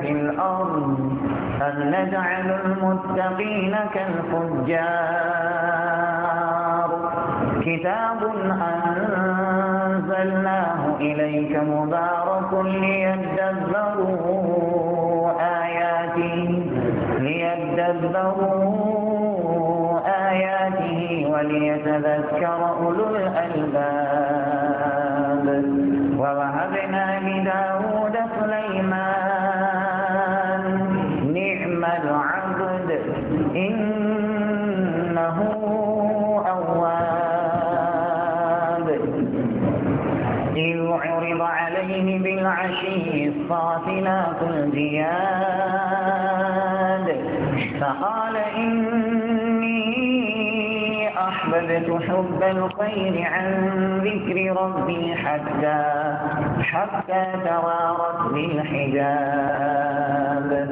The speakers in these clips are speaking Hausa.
في الأرض أن نجعل المتقين كالفجار كتاب أنزلناه إليك مبارك ليدبروا آياته ليدبروا آياته وليتذكر أولو الألباب ووهب زياد فقال إني أحببت حب الخير عن ذكر ربي حتى حتى توارت بالحجاب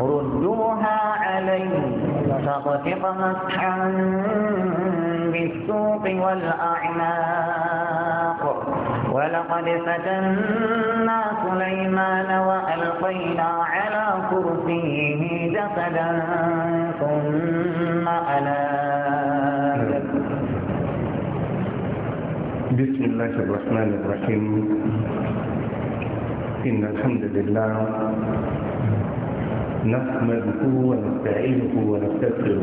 ردوها علي فطفق مسحا بالسوق والأعناق ولقد فتنا سليمان وألقينا على كرسيه جسدا ثم ألا بسم الله الرحمن الرحيم إن الحمد لله نحمده ونستعينه ونستغفره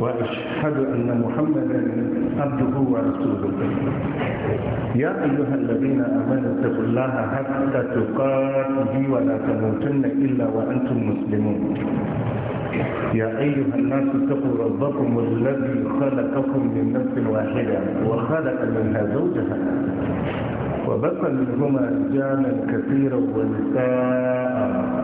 وأشهد أن محمدا عبده ورسوله يا أيها الذين آمنوا اتقوا الله حتى تقاته ولا تموتن إلا وأنتم مسلمون يا أيها الناس اتقوا ربكم الذي خلقكم من نفس واحدة وخلق منها زوجها وبث منهما رجالا كثيرا ونساء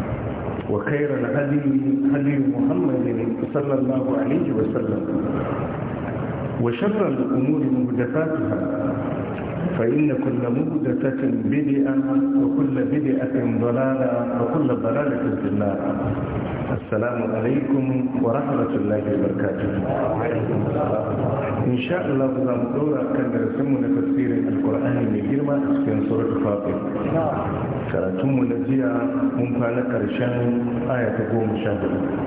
وخير الهدي هدي محمد صلى الله عليه وسلم وشر الأمور محدثاتها فإن كل مهدثة بدئة وكل بدئة ضلالة وكل ضلالة في النار السلام عليكم ورحمة الله وبركاته إن شاء الله بزام دورة كان رسمنا تفسير القرآن من جرمة في سورة فاطر كراتم نجيا ممكن كرشان آية قوم شاهدة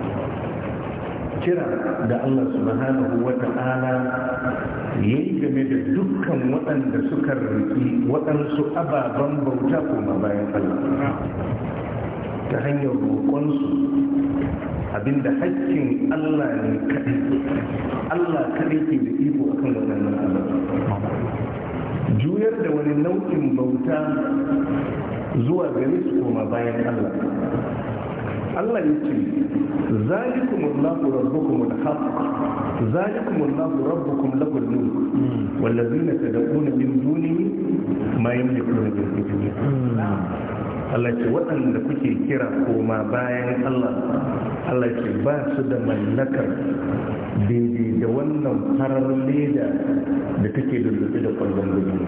kira da Allah subhanahu wa ta'ala ya yi game da dukkan waɗanda suka riki waɗansu ababen bauta koma bayan Allah ta hanyar roƙonsu abinda haƙƙin Allah ne kaɗai Allah kaɗai ke da iko akan waɗannan ababen juyar da wani nau'in bauta zuwa gare su koma bayan Allah Allah yake zalikum Allahu rabbukum al-haq zalikum Allahu rabbukum lahu nur wal ladina tad'una min dunihi ma yamlikuna min sujudi Allah ce waɗanda kuke kira koma bayan Allah Allah ce ba su da mallakar daidai da wannan farar leda da take lullube da kwallon gudu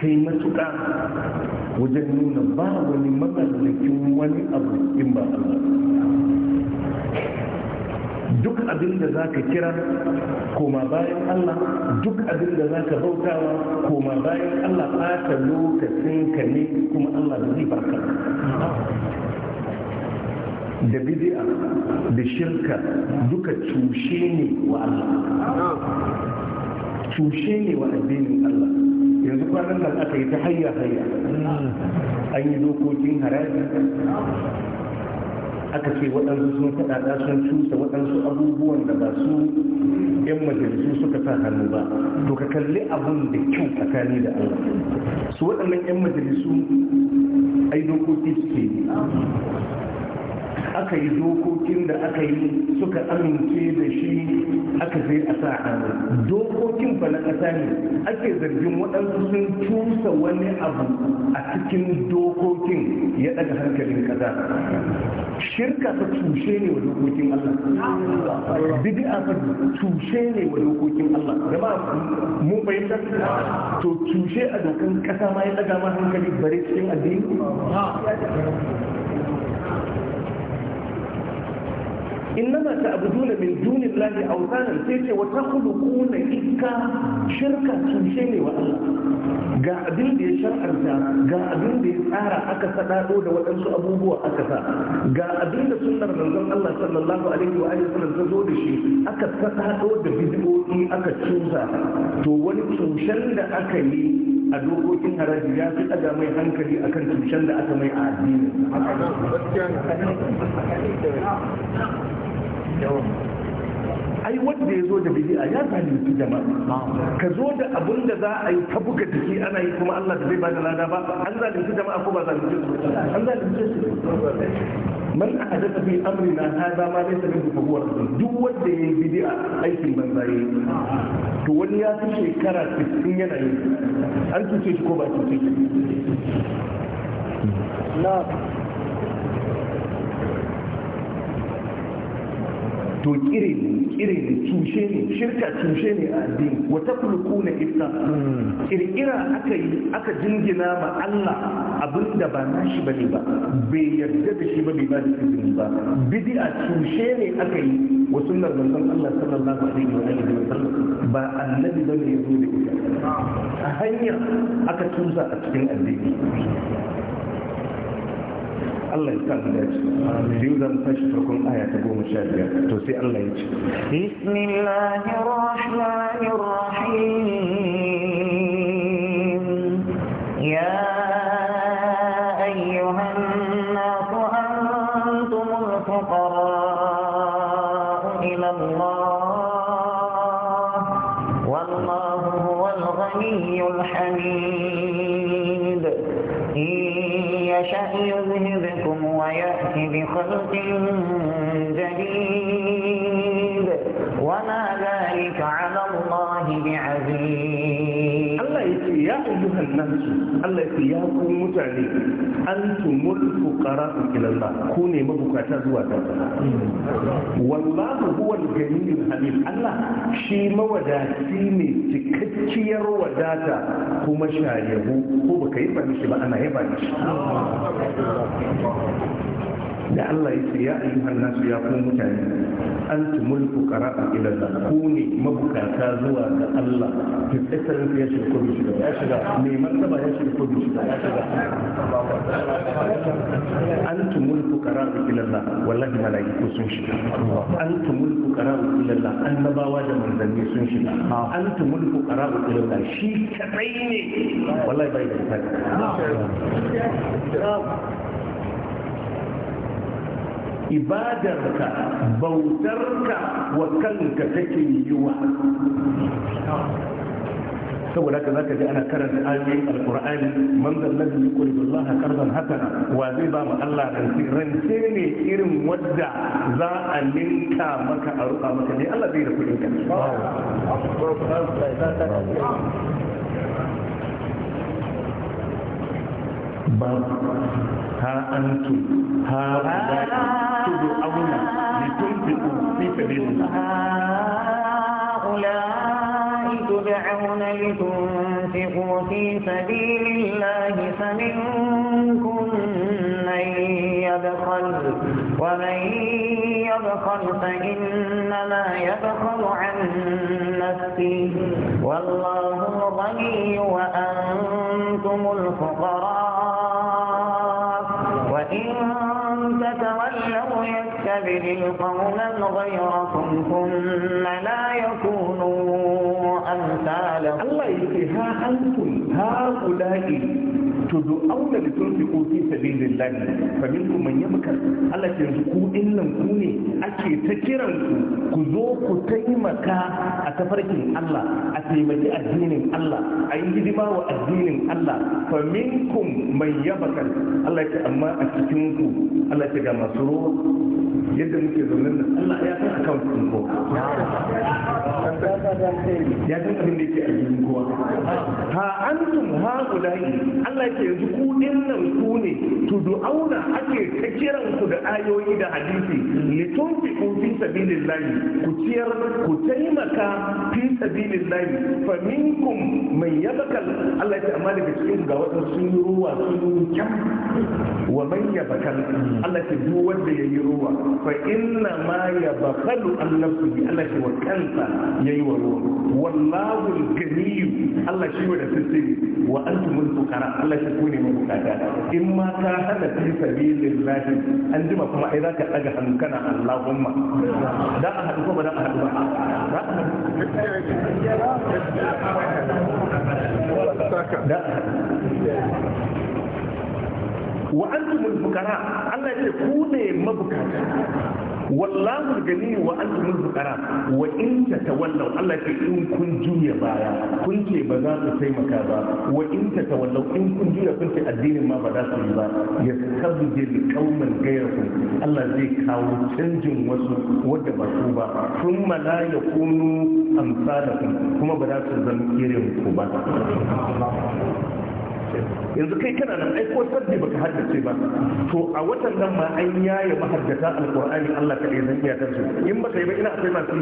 kai matuƙa wajen nuna ba wani matsalakin wani abu in ba Allah duk abin da za ka kira koma bayan Allah duk abin da za ka bautawa koma bayan Allah ɓata lokacin ka ne kuma Allah da zai baka da bidi'a da shirka duka cushe ne wa Allah cushe ne wa addinin Allah yanzu kwanan nan aka yi ta hayya hayya an yi dokokin haraji aka ce waɗansu sun faɗaɗa sun cusa waɗansu abubuwan da ba su yan majalisu suka sa hannu ba to ka kalli abun da kyau tsakani da Allah su waɗannan yan majalisu ai dokoki suke yi aka yi dokokin da aka yi suka amince da shi aka zai a sa hannu dokokin ba na ƙasa ne ake zargin waɗansu sun cusa wani abu a cikin dokokin ya ɗaga hankalin ƙasa shirka ta tushe ne wa dokokin Allah bid'a ta tushe ne wa dokokin Allah jama'a mun fahimta to tushe a dokan ƙasa ma ya ɗaga ma hankali bare cikin addini innama ta'buduna min dunillahi awtanan sai ce wa takhluquna ikka shirka tushe ne wa Allah ga abin da ya shar'arta ga abin da ya tsara aka sadado da waɗansu abubuwa aka sa ga abin da sunnar manzon Allah sallallahu alaihi wa alihi zo da shi aka sadado da bid'o'i aka cusa to wani tushen da aka yi a dokokin haraji ya fi mai hankali akan tushen da aka mai a ai wanda ya zo da bidi'a ya zalunci jama'a ka zo da abun da za a yi ta buga jiki ana yi kuma Allah da zai ba da lada ba an su jama'a ko ba zalunci su an zalunci su man a ahdatha fi amrina ta ma laysa minhu fa huwa duk wanda ya yayi bidi'a aikin banza yayi to wani ya fi shekara 60 yana yi an cuce shi ko ba cuce shi to kire ne kire ne tushe ne shirka tushe ne a addini wa na ita hmm. kirkira aka yi aka jingina ma Allah abinda ba nashi bane ba bai yarda da shi ba bai ba da izini ba bid'a tushe ne aka yi wa sunnar manzon Allah sallallahu alaihi wa alihi wa sallam ba annabi bane ya zo da ita a hanya aka tusa a cikin addini Allah ya sa mu dace biyu zan tashi farkon aya ta goma sha biyar to sai Allah ya ce bismillahir rahmanir rahim ya أيها الناس أنتم الفقراء إلى الله والله هو الغني الحميد إن يشأ يذهبكم بخلق جديد وما ذلك على الله بعزيز الله يقول يا أيها الناس الله يقول يا كون متعلي أنتم الفقراء إلى الله كوني مبكاتا زواتا والله هو الجميل الحليم الله شي موداتي ne cikakkiyar wadata kuma shayabu ko baka yi ba mishi ba ana yaba mishi da Allah ya ce ya ayyuhan nasu ya ku mutane mulku fuqara ila Allah ku ne mabukata zuwa ga Allah ta tsarin ya shiga ko shiga ya shiga me martaba ya shiga ko shiga ya shiga mulku fuqara ila Allah wallahi malaiku sun shiga mulku fuqara ila Allah annabawa da manzanni sun shiga mulku fuqara ila Allah shi kadai ne wallahi bai da kai ibadarka bautarka wa kanka take yiwa saboda haka zaka ji ana karanta ayoyin alqur'ani man zal ladhi yuqridu allaha qardan hasana wa zai ba mu Allah rance rance ne irin wadda za a ninka maka a ruka maka ne Allah zai da kudin ka ba ها أنتم تدعون لتنفقوا في سبيل الله هؤلاء تدعون لتنفقوا في سبيل الله فمنكم من يبخل ومن يبخل فإن يبدل قوما غيركم ثم لا يكونوا أمثالكم الله يقول ها أنتم هؤلاء To do auna da tud'auna litunfiqu fi sabilillah fa min minkum man yabkar Allah ke yanzu ku dinnan ku ne ake ta kiran ku ku zo ku taimaka a tafarkin Allah a taimaki addinin Allah a yi hidima wa addinin Allah fa min minkum man yabkar Allah ke amma a cikin ku Allah ke ga masu ruwa yadda muke zaune nan Allah ya san akan ku ko ya san abin da yake a cikin kowa ha antum ha ulai Allah ce yanzu ku nan ku ne to du'auna ake ta kiran ku da ayoyi da hadisi litunfi ku fi sabilillahi ku ciyar ku taimaka fi sabilillahi fa minkum man yabkal Allah ya ce amma daga cikin ga wata sun yi ruwa sun yi wa man yabkal Allah ya duk wanda yi ruwa fa inna ma yabkalu an nafsihi Allah ya wa kansa ya yi wa ruwa wallahu al-ghani Allah shi wa da sirri wa antumul fuqara Allah lillahi ku ne mabukata in ma ka hada fi an jima kuma ai zaka daga hannu kana Allahumma da a hadu kuma da a hadu ba da wa antumul fuqara Allah ya ce ku ne mabukata wallahu gani wa antumul fuqara wa in tatawallaw Allah ce in kun juya baya kun ce ba za su taimaka ba wa in tatawallaw in kun juya kun ce addinin ma ba za su yi ba ya tabbil qauman ghayrakum Allah zai kawo canjin wasu wadda ba su ba kun ma la yakunu amsalakum kuma ba za su zama irin ku ba yanzu kai kana nan aiko sabbi baka haddace ba to a watan nan ma an yaye mahaddata alqur'ani Allah kadai zan iya tantu in baka yi ba ina akwai masu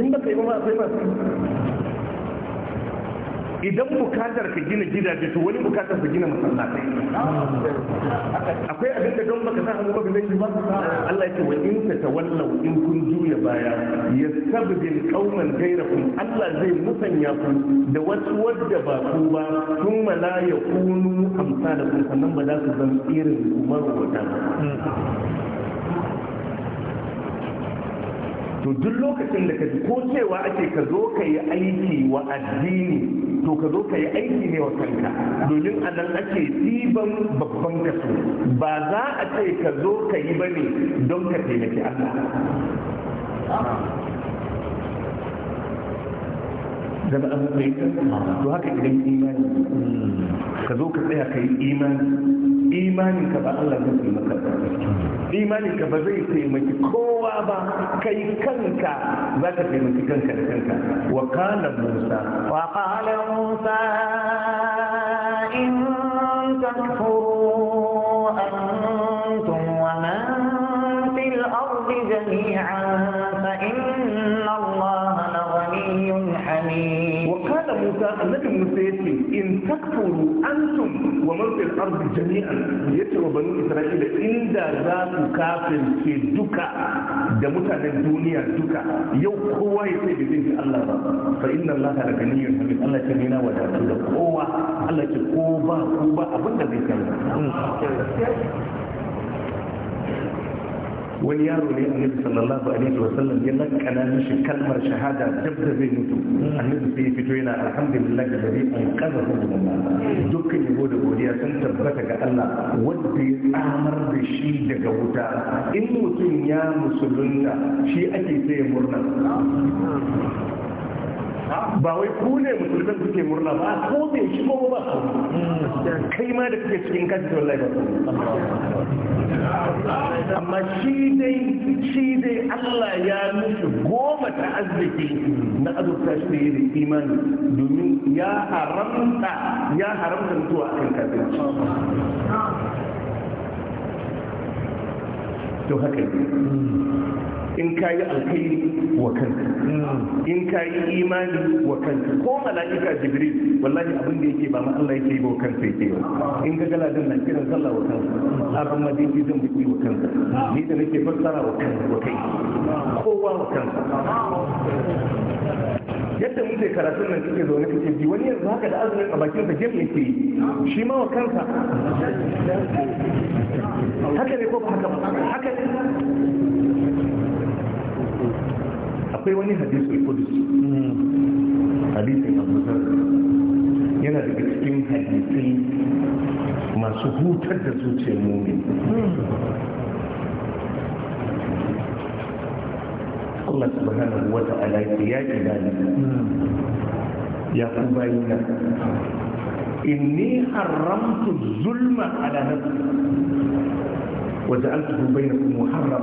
in baka yi ba akwai masu idan bukatar ka gina gidaje to wani bukatar ka gina masallatai akwai abin da don baka sa hannu baka zai ba Allah yake wa in ta tawallaw in kun juya baya yastabdil qauman ghayrakum Allah zai musanya ku da wasu wadda ba ku ba kun la kunu amsalakum sannan ba za su zama irin umaru wata ba to duk lokacin da ka ji ko cewa ake ka zo ka yi aiki wa addini to ka zo ka yi aiki ne wa kanka domin a nan ake ɗiban babban kaso ba za a ce ka zo ka yi ba ne don ka taimaki Allah zama an mai to haka idan imani ka zo ka tsaya ka yi imani imanin ka ba Allah zai taimaka imanin ka ba zai taimaki kowa ba kai kanka za ka taimaki kanka da kanka wa kana musa wa qala musa in takfuru antum wa man fil ardi jami'an fa inna Allah waliyyun wa kana musa annabi musa yace in takfuru antum wa man fil ardi jami'an yace wa banu isra'ila inda za ku ke duka da mutanen duniya duka yau kowa ya sai bizin Allah ba fa inna Allah la ganiyyun hamid Allah ce ni na wadatu da kowa Allah ce ko ba ku ba zai kai wani yaro ne annabi sallallahu alaihi wa sallam ya lakkana mishi kalmar shahada duk da zai mutu annabi sai ya fito yana alhamdulillah da zai an kaza hudu dukkan yabo da godiya sun tabbata ga Allah wanda ya tsamar da shi daga wuta in mutum ya musulunta shi ake sai murna ba wai ku ne musulman suke murna ba ko bai shigo ba ba kai ma da suke cikin kaji da wallahi ba amma shi dai shi dai Allah ya nufi goma ta arziki na azurta shi yi da imani domin ya haramta ya haramta mutuwa kan kafirci to haka in ka yi alkhairi wa kanka in ka yi imani wa kanka ko mala'ika jibril wallahi abin da yake ba ma Allah yake ba wa kansa yake ba in ka gala din na kiran sallah wa kansa abin ma dai zan bi wa kanka, ni da nake fassara wa kansa wa kai kowa wa kanka. yadda muke karatun nan kike zaune kike ji wani yanzu haka da azumin a bakin sa jami'a ke shi ma wa kansa haka ne ko ba haka ba akwai wani hadisu kudus hadisun abu yana daga cikin hadisai masu hutar da zuciyar mummi Allah subhanahu wa ta'ala ya ke dalika ya ku bayina inni haramtu zulma ala nafsi وجعلته بينكم محرما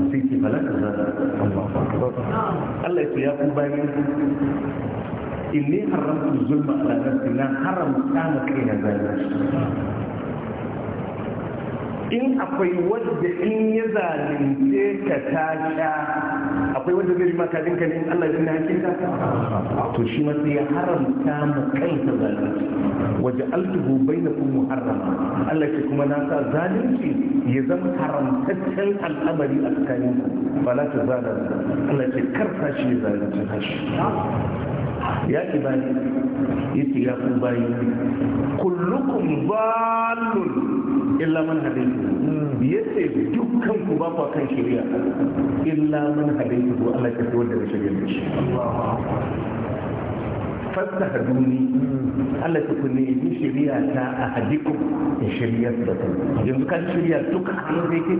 نسيت فلك هذا الله أكبر الله يقول يا إني حرمت الظلم على نفسي لا حرم كانت لي ذلك إن أقوي وجه إن يزال من تلك akwai wanda zai ma ka dinka ne in Allah ya na ka to shi ma sai ya haramta mu kansa zalunci waje altuhu bainakum muharrama Allah ke kuma na sa zalunci ya zama haramtaccen al'amari a tsakanin ku ba la ta zada Allah ke karfa shi zalunci kashi ya ibadi yace ya ku bayi kullukum zalun illa man hadaitu yace dukkan ku ba ku kan shari'a illa man hadaitu Allah ya tsawar da shari'a fasta haduni Allah ta kunne yi shirya ta a hadikum ya shirya da kai yanzu kan shirya duka an zai ke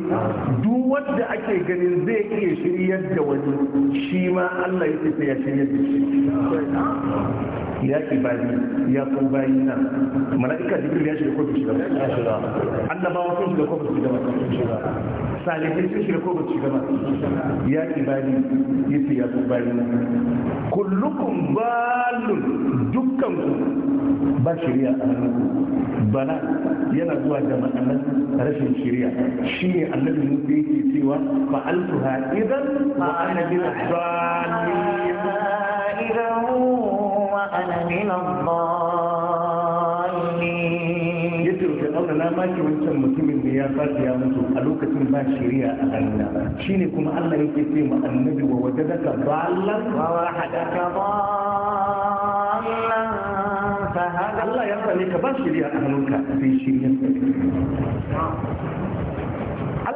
duk wanda ake ganin zai iya shiryar da wani shi ma Allah ya tafi ya shiryar da shi ya ibadi ya ko bayi na mala'ika jibril ya shiga ko shiga annabawa sun shiga ko shiga ba salihai sun shiga ko shiga ba ya ibadi ya ko bayi na kullukum balun dukkan ku ba shirya a hannunku bana yana zuwa da ma'anar rashin shirya shi ne annabi musa yake cewa fa'altuha idan ma'ana bin zalimin idan wa'ana min na maki wancan mutumin da ya fata ya mutu a lokacin ba shari'a a hannuna shine kuma Allah yake ce ma annabi wa wajadaka ballan wa wahadaka ballan الله يرضى لك بس لي أهلك في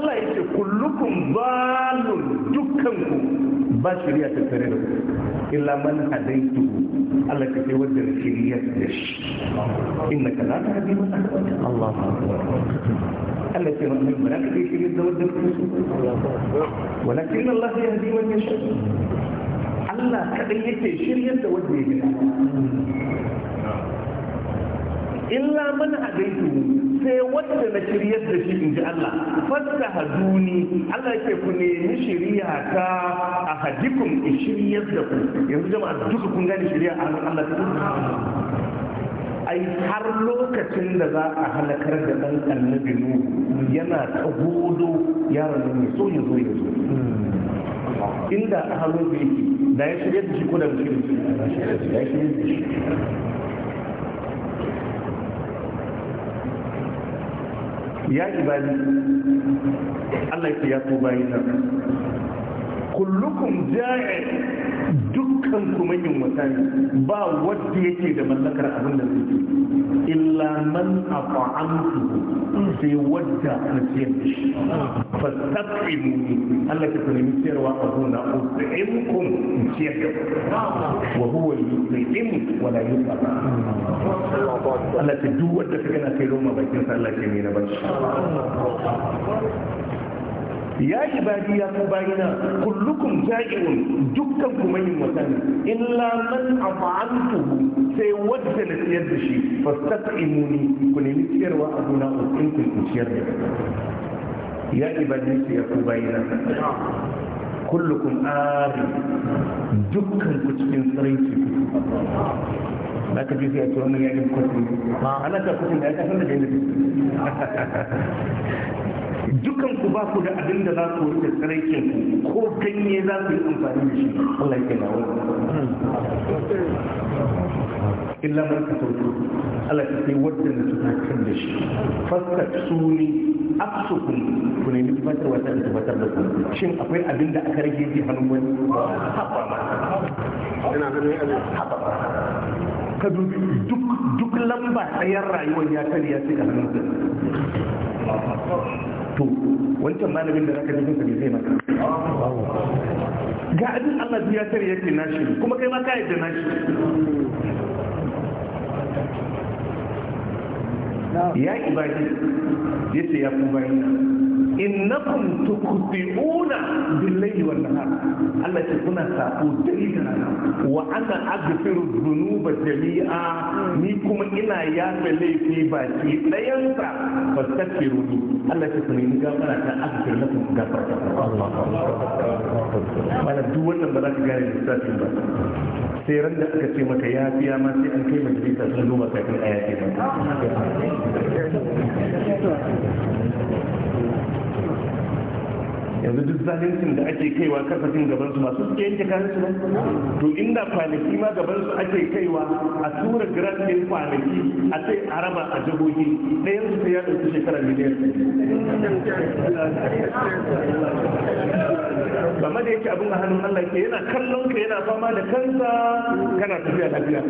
الله يقول كلكم ضال دكنكم بس لي أتكرر إلا من هديته الله كتوجه الشريعة ليش إنك لا تهدي من الله الله في رحمه الملك في شيء يتوجه ولكن الله يهدي من يشاء illa man hadaitu sai wanda na shiryar da shi inji Allah fasta haduni Allah yake ku nemi shiriya ta a hadikum shiryar da ku yanzu jama'a duka kun gane shiriya a Allah ai har lokacin da za a halakar da dan annabi nu yana ta godo yaron ne so ya zo ya zo inda a hannun da yake da ya shirya da shi ko da mutum da ya shirya da shi ya ibadi Allah ya ko bayin nan kullukum ja'i dukkan ku manyan wata ba wanda yake da mallakar abin da suke man at'amtuhu sai wadda na ciyar da shi fastaqimu Allah ka tunani ciyarwa a gona kun ciyar da wa huwa yusaimu wa la yusaba Allah ta duk wadda ka gana kai roma bakin sa Allah ke mai na bashi ya ibadi ya ku bayina kullukum za'iun dukkan ku mai watan illa man afa'antuhu sai wadda na ciyar da shi fastat'imuni ku nemi ciyarwa a gona in kun ciyar da ya ibadi ya ku bayina kullukum ari dukkan ku cikin tsiraici da ka jefi a tsoron yayin kwatin ana ta kwatin da ya kasar da gani dukan ku ba ku da abin da za ku rike tsaraikin ko ganye za ku yi amfani da shi Allah ya kai illa man ka sauko Allah ya kai wadda na tuna kan da shi fasta suni afsukun ku ne mutumata wata da tabbatar da ku shin akwai abin da aka rage ji hannun wani ina ganin haɓa ka duk duk lamba tsayar rayuwar ya karya sai ka hannun to wancan malamin da zaka jikin ne zai maka ga abin Allah ya tare yake nashi kuma kai ma ka yadda nashi ya ibadi yace ya kuma إنكم تخطئون بالليل والنهار الله يقول لك أنا وأنا أغفر الذنوب جميعا ميكم إنا يا بلي في باتي لا ينسى فاستغفروني الله يقول لك أنا أغفر لكم غفرة الله الله أنا دول نمبر لك غير الأستاذ سيرن da aka ce maka ya fiya ma sai an kai majalisa sun zo maka kan aya ke nan yanzu duk zalincin da ake kaiwa kasafin gaban su masu suke yanke kayan su to inda kwanaki ma gaban su ake kaiwa a tura grant din kwanaki a sai a raba a jihohi ɗayan su sai ya ɗauki shekara miliyan game da yake abin a hannun Allah ke yana kallon ka yana fama da kansa kana tafiya lafiya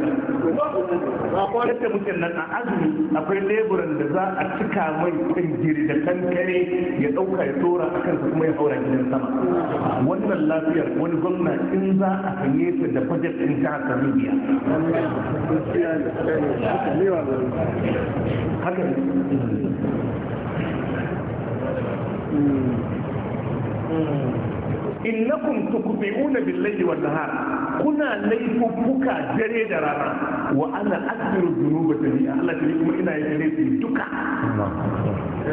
yadda muke nan a azumi akwai leburan da za a cika mai tsingiri da kankare ya dauka ya dora a kansa kuma ya haura gidan sama wannan lafiyar wani gwamna in za a sanye ta da bajet din ta haka haka ne hmm. Hmm. innakum tukbi'una bil-layli wan-nahar kuna laifuka dare da rana wa ana akbiru dhunuba jami'a Allah ta kuma ina yin laifi duka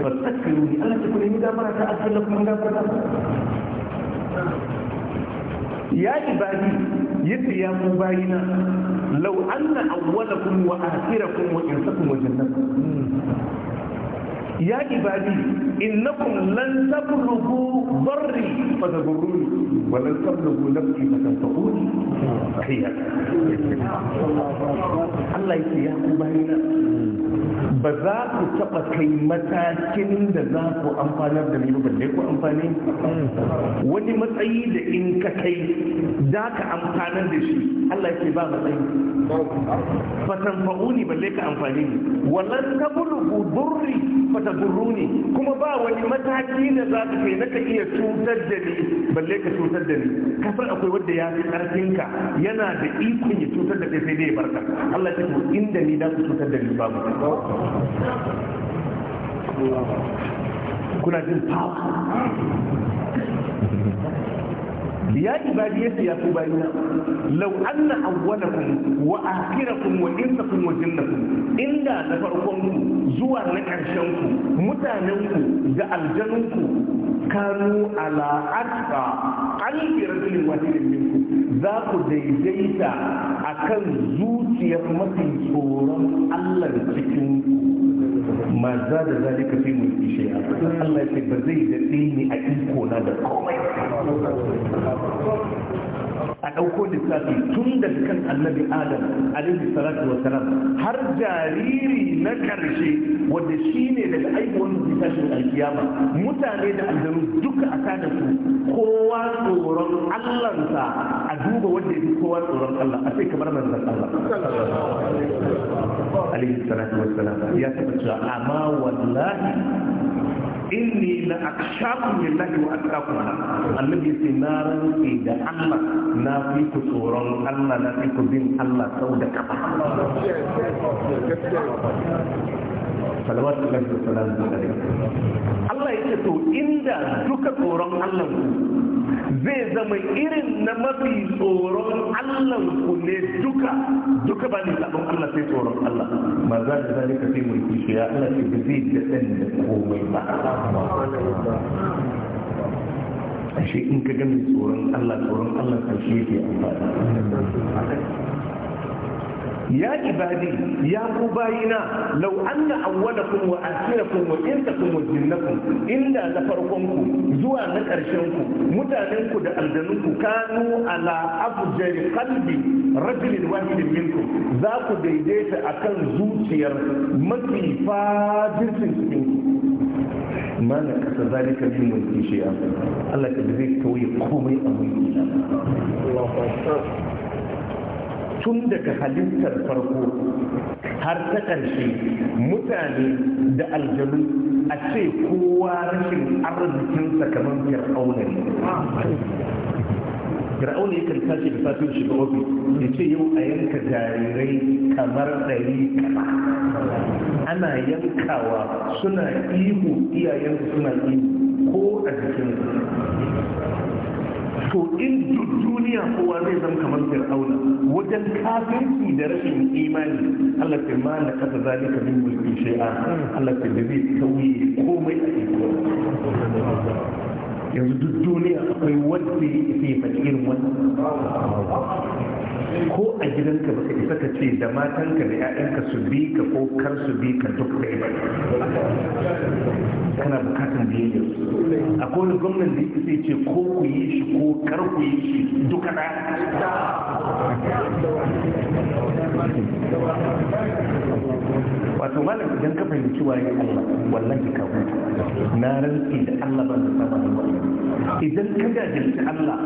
fastaghfiru Allah ta kuma ni gafara ta asalla kuma gafara ya ibadi yadda ya mu bayina law anna awwalakum wa akhirakum wa insakum wa jannatakum ya ibadi innakum lan tablughu barri fa tadurruni wa lan tablughu nafsi fa tanfa'uni hiya Allah yake ya ku bayina ba za ku taba kai matakin da za ku amfanar da ni ba balle ku amfani wani matsayi da in ka kai za ka amfanar da shi Allah yake ba matsayi fa tanfa'uni balle ka amfani ni wa lan tablughu durri fata durruni kuma ba wani mataki na za ka kai na ka iya cutar da ni balle ka cutar da ni ka akwai wanda ya fi karfinka yana da ikon ya cutar da kai sai dai ya barka Allah ya ce inda ni da ku cutar da ni babu kuna jin fawa ya ibadi yace ya ku bayina law anna awwalakum wa akhirakum wa insakum wa jinnakum inda na farkon mu zuwa na ƙarshen ku mutanen ku da aljanun ku kanu ala atqa qalbi rajulin wahidin minku za ku daidaita a kan zuciyar mafi tsoron Allah cikin maza da zalika fi mun ishe Allah ya ce ba zai daɗe ni a iko na da komai a ɗauko lissafi tun daga kan annabi adam alaihi salatu wa salam har jariri na ƙarshe wanda shi ne daga aibuwan da tashin alkiyama mutane da aljanu duka a kada su kowa tsoron allansa a duba wanda ya fi kowa tsoron allah a sai kamar manzan allah alaihi salatu wa salam ya taɓa cewa amma wallahi inni la akshakum lillahi wa atqakum annabi sai na rantsi da Allah na fi ku tsoron Allah na fi ku bin Allah sau da kafa salawatu lillahi wa salamu alaihi Allah yake to inda duka tsoron Allah zai zama irin na mafi tsoron Allah ku ne duka duka ba ne zaɓin Allah sai tsoron Allah ma za da ka sai mun kishi ya Allah shi ba zai da ɗan da komai ba a shi in ka gani tsoron Allah tsoron Allah ka shi yake amfani ya ibadi ya ku bayina law anna awwalakum wa akhirakum wa insakum wa jinnakum inda na farkon zuwa na karshen ku mutanen ku da aljanun ku kanu ala afjari qalbi rajulin wahidin minkum za ku daidaita akan zuciyar mafi fadin cikin ما نكت ذلك من ملكي شيئا الله كذلك توي قومي أمي الله أكبر tun daga halittar farko har ta ƙarshe mutane da aljanu a ce kowa rashin arzikinsa kamar fir'auna ne fir'auna ya kan tashi da safin shiga ofis ya ce yau a yanka jarirai kamar ɗari kama ana yankawa suna ihu iyayensu suna ihu ko a jikin to in duk duniya kowa zai zama kamar fir'auna wajen kafirci da rashin imani Allah sai ma na kasa zalika min mulki shay'a Allah sai da zai tauye komai a cikin yanzu duk duniya akwai wanda ya faɗi irin wannan ko a gidanka baka isa ka ce da matanka da 'ya'yanka su bi ka ko kar su bi ka duk da ba kana bukatan biyayya a kowane gwamnan da yake ce ko ku yi shi ko kar ku yi shi duka da wato malam idan ka fahimci waye Allah wallahi ka huta na rantsi da Allah ba idan ka jajirci Allah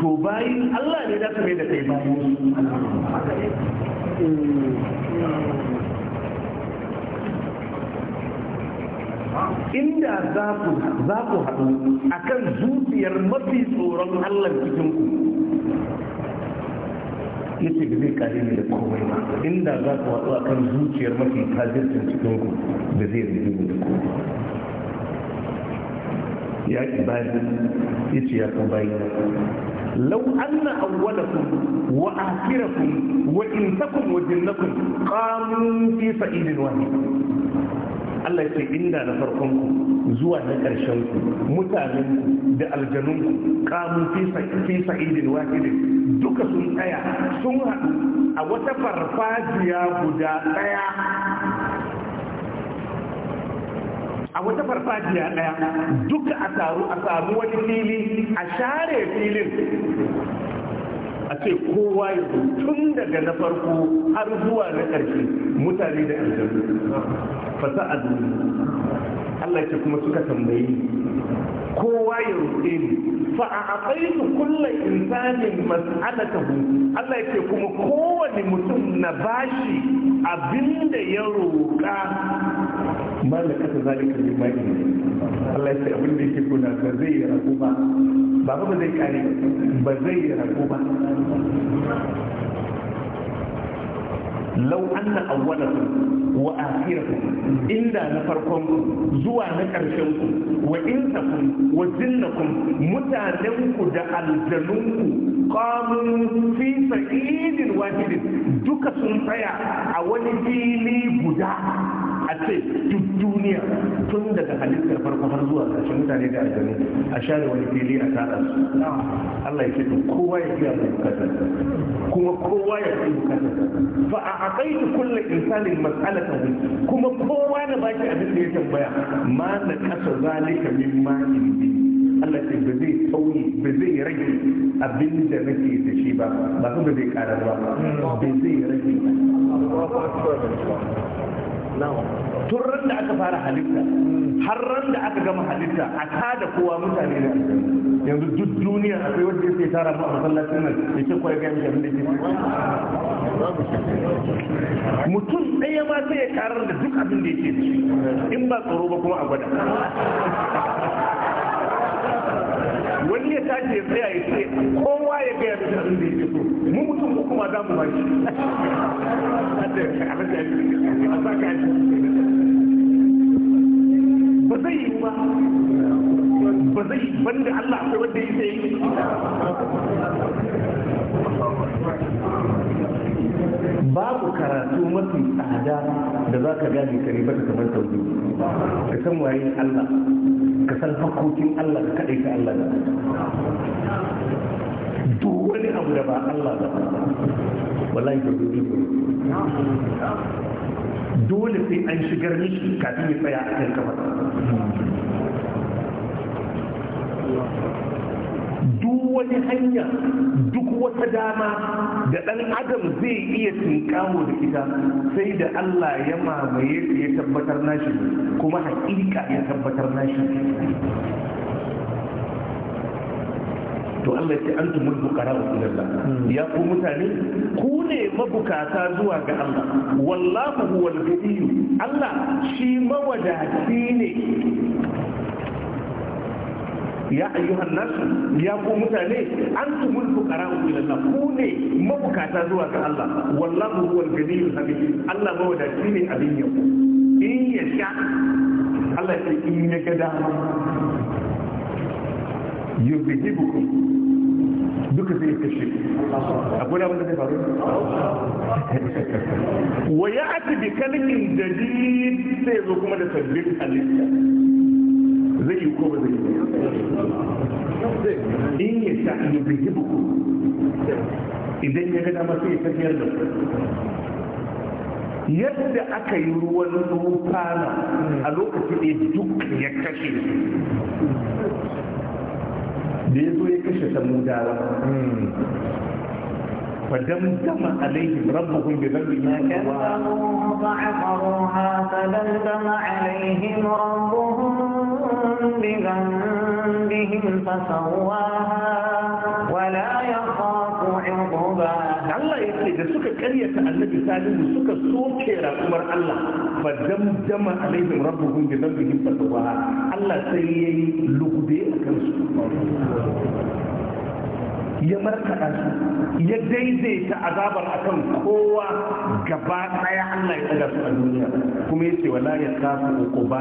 to bayin Allah ne za su mai da kai bayan inda za ku haɗu a kan zuciyar mafi tsoron Allah cikinku ku. ce ga zai kare ni da komai ba inda za ku haɗu a kan zuciyar mafi tajircin cikinku da zai rage ne da komai ya ibadi ya ya kan bayi lau anna awwalakum wa akhirakum wa insakum wa jinnakum qamu fi sa'idin wahid Allah ya ce inda na farkon ku zuwa na ƙarshen ku mutanen da aljanun ku kamun fi sa'idin wahidin duka sun tsaya sun haɗu a wata farfajiya guda ɗaya a wata farfajiya ɗaya duka a taru a samu wani fili a share filin a ce kowa ya tun daga na farko har zuwa na ƙarshe mutane da aljanu fasa a Allah ce kuma suka tambayi kowa ya roƙe ni fa a akwai aqaitu kullu insanin mas'alatahu Allah ya ce kuma kowane mutum na bashi abinda ya roƙa ma da kasa zalika min ma in Allah ya ce abin da yake kuna ba zai yi rago ba ba ba zai kare ba zai yi rago ba lau anna awwalakum wa akhirakum inda na farkon zuwa na ku wa mutanen ku da aljanun ku qamu fi sa'idin duka sun tsaya a wani fili guda a ce duk duniya tun daga halittar farko har zuwa ƙarshen mutane da aljanu a share wani fili a tara su Allah ya ce to kowa ya iya mai bukatar kuma kowa ya iya bukatar fa a aqaitu kullu insanin mas'alatahu kuma kowa na baki abin da ya tambaya ma na kasa zalika ma indi Allah ce ba zai tauye ba zai rage abin da nake da shi ba ba ba zai ƙara ba ba zai rage tun ran da aka fara halitta har ran da aka gama halitta a tada kowa mutane ne yanzu duk duniya akwai wanda yake tara mu a masallacin nan ya ce kawai gami da ke mutum ɗaya ma sai ya karar da duk abin da yake shi, in ba tsaro ba kuma a gwada wani ya tashi ya tsaya ya ce kowa ya gaya da abin da yake so mu mutum uku ma za mu ba shi a sa ka ba zai yi ba ba zai wanda Allah ko wanda ya sai babu karatu mafi tsada da za ka gane ka riba ta kamar tauri ka san waye Allah ka san hakokin Allah ka kaɗai ka Allah da duk wani abu da ba Allah ba wallahi ka dubi dole sai an shigar mishi kafin ya tsaya a kan kamar duk wani hanya duk wata dama da ɗan adam zai iya tunkamo da ita sai da Allah ya mamaye ya tabbatar nashi kuma haƙiƙa ya tabbatar nashi to Allah ya ce an antumul bukara ila Allah ya ku mutane ku ne mabukata zuwa ga Allah wallahu huwal ghani Allah shi mawadaci ne ya ayyuhan nasu ya ku mutane an tumul fuqara ila Allah ku ne mabukata zuwa ga Allah wallahu huwal ganiyul hamid Allah mawadaci ne abin yau in ya sha Allah ya ce in ya ga dama yuzhibukum duka zai kashe akwai abin da zai faru wa ya ati bi kalmin da zai zo kuma da sabbin halitta zai yi ko ba zai yi in ya sha yi bi hibuku idan ya ga dama sai ya tafiyar da ku yadda aka yi ruwan tufana a lokacin da duk ya kashe da ya zo ya kashe samudawa فدمدم عليهم ربهم بذنب ما وكذبوا فعقروها فدمدم عليهم ربهم بذنبهم فسواها ولا يخاف عقباها mala’ikai da suka karyata annabi salihu suka soke rakumar Allah ba damdama alaihim rabbuhum bi dhanbihim fatawaha Allah sai yayi lugube a kansu ya markaɗa su ya daidaita azabar akan kowa gaba ɗaya Allah ya ɗaga su a duniya kuma yace ce wala ya kafa uku ba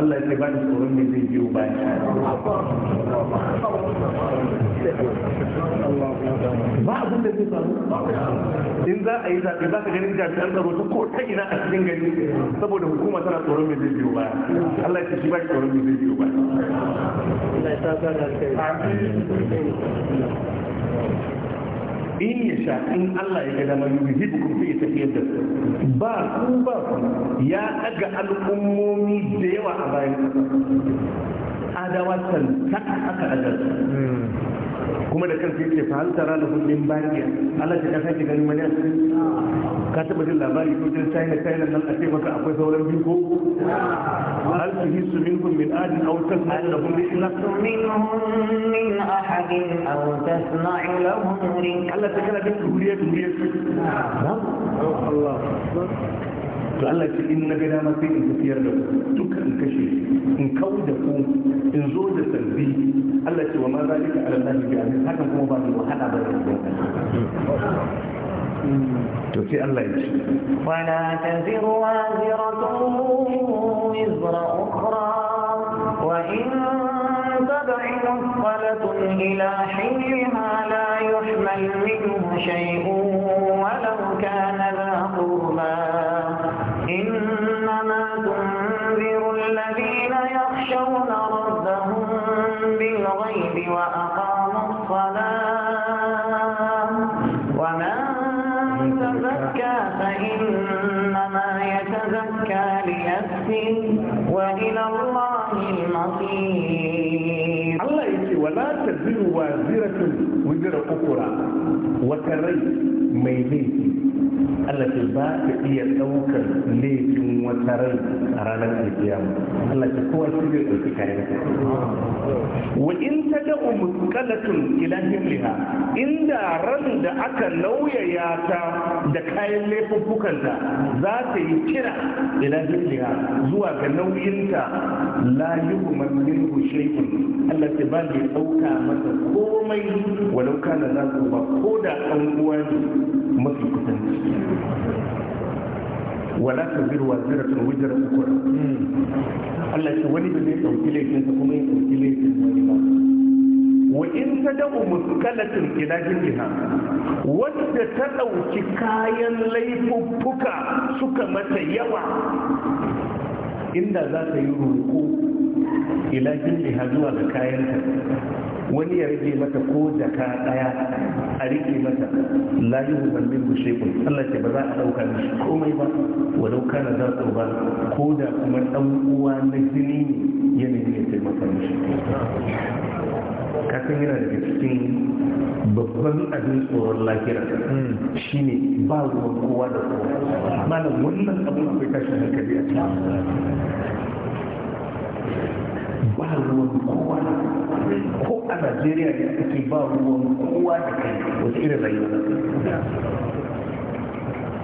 Allah ya ce ba da tsoron ne zai biyo bayan in za a yi zaɓe za ka ganin jami'an tsaro ta ko ta ina a cikin gari saboda hukuma tana tsoron mai zai biyo baya Allah ya shi ba shi tsoron mai zai biyo baya in ya sha in Allah ya gada mai yi hukum sai ya tafiyar da su ba ku ba ku ya daga al'ummomi da yawa a bayan adawa ta tak aka daga kuma da kansa yake fa hal tara lahu min baqiya Allah ta kafa ki ganin mani ka taba jin labari ko jin China sai nan a ce maka akwai sauran ko hal hisu minkum min adin aw tasma'u lahum rikla minhum min ahadin aw tasma'u lahu min Allah ta kana da duriya duriya Allah to Allah ce in na ga dama sai in tafiyar da ku dukkan kashe in kawo da ku in zo da sanbi التي وما ذلك على الناس بأمين هكذا هو مضاقي وهذا بأمين الله يجب ولا تزر وازرة وزر أخرى وإن تبع نفلة إلى حينها لا يحمل منه شيء ولو كان ذا قربان وأقام الصلاة ومن تزكى فإنما يتزكى لنفسه وإلى الله المصير الله يقول ولا تزن وازرة وزر أخرى وتري ميليتي Allah ce ba ka iya ɗaukar laifin wata rai a ranar alkiyama وإن ta da umkalatun ilahin liha inda ran da aka lauyaya ta da kayan laifuffukanta za ta yi kira ilahin liha zuwa ga nauyinta la yi umar min Allah ta ba mai ɗauka masa komai walau kana za su ba ko da ɗan uwa ne mafi kusanci wala ta wa zira ta wujar ukura hmm. Allah ce wani da zai ɗauki laifinsa kuma ya ɗauki laifin wani ba wa in ta da'u muskalatin ila jirgiha wadda ta ɗauki kayan laifuffuka suka mata yawa inda za ta yi roƙo ila jirgiha zuwa ga ta wani ya rage mata ko jaka ɗaya a rike mata la yi huzambin bushekun Allah ce ba za a ɗauka shi komai ba walau kana za su ba ko da kuma ɗan uwa na jini ne yanayin ya taimaka mishi kasan yana da cikin babban abin tsoron lahira hmm. shi ne ba ruwan kowa da kowa malam wannan abin akwai tashin hankali a cikin ba ruwan kowa da ko a najeriya ne ake ba ruwan kowa da kai wata irin rayuwa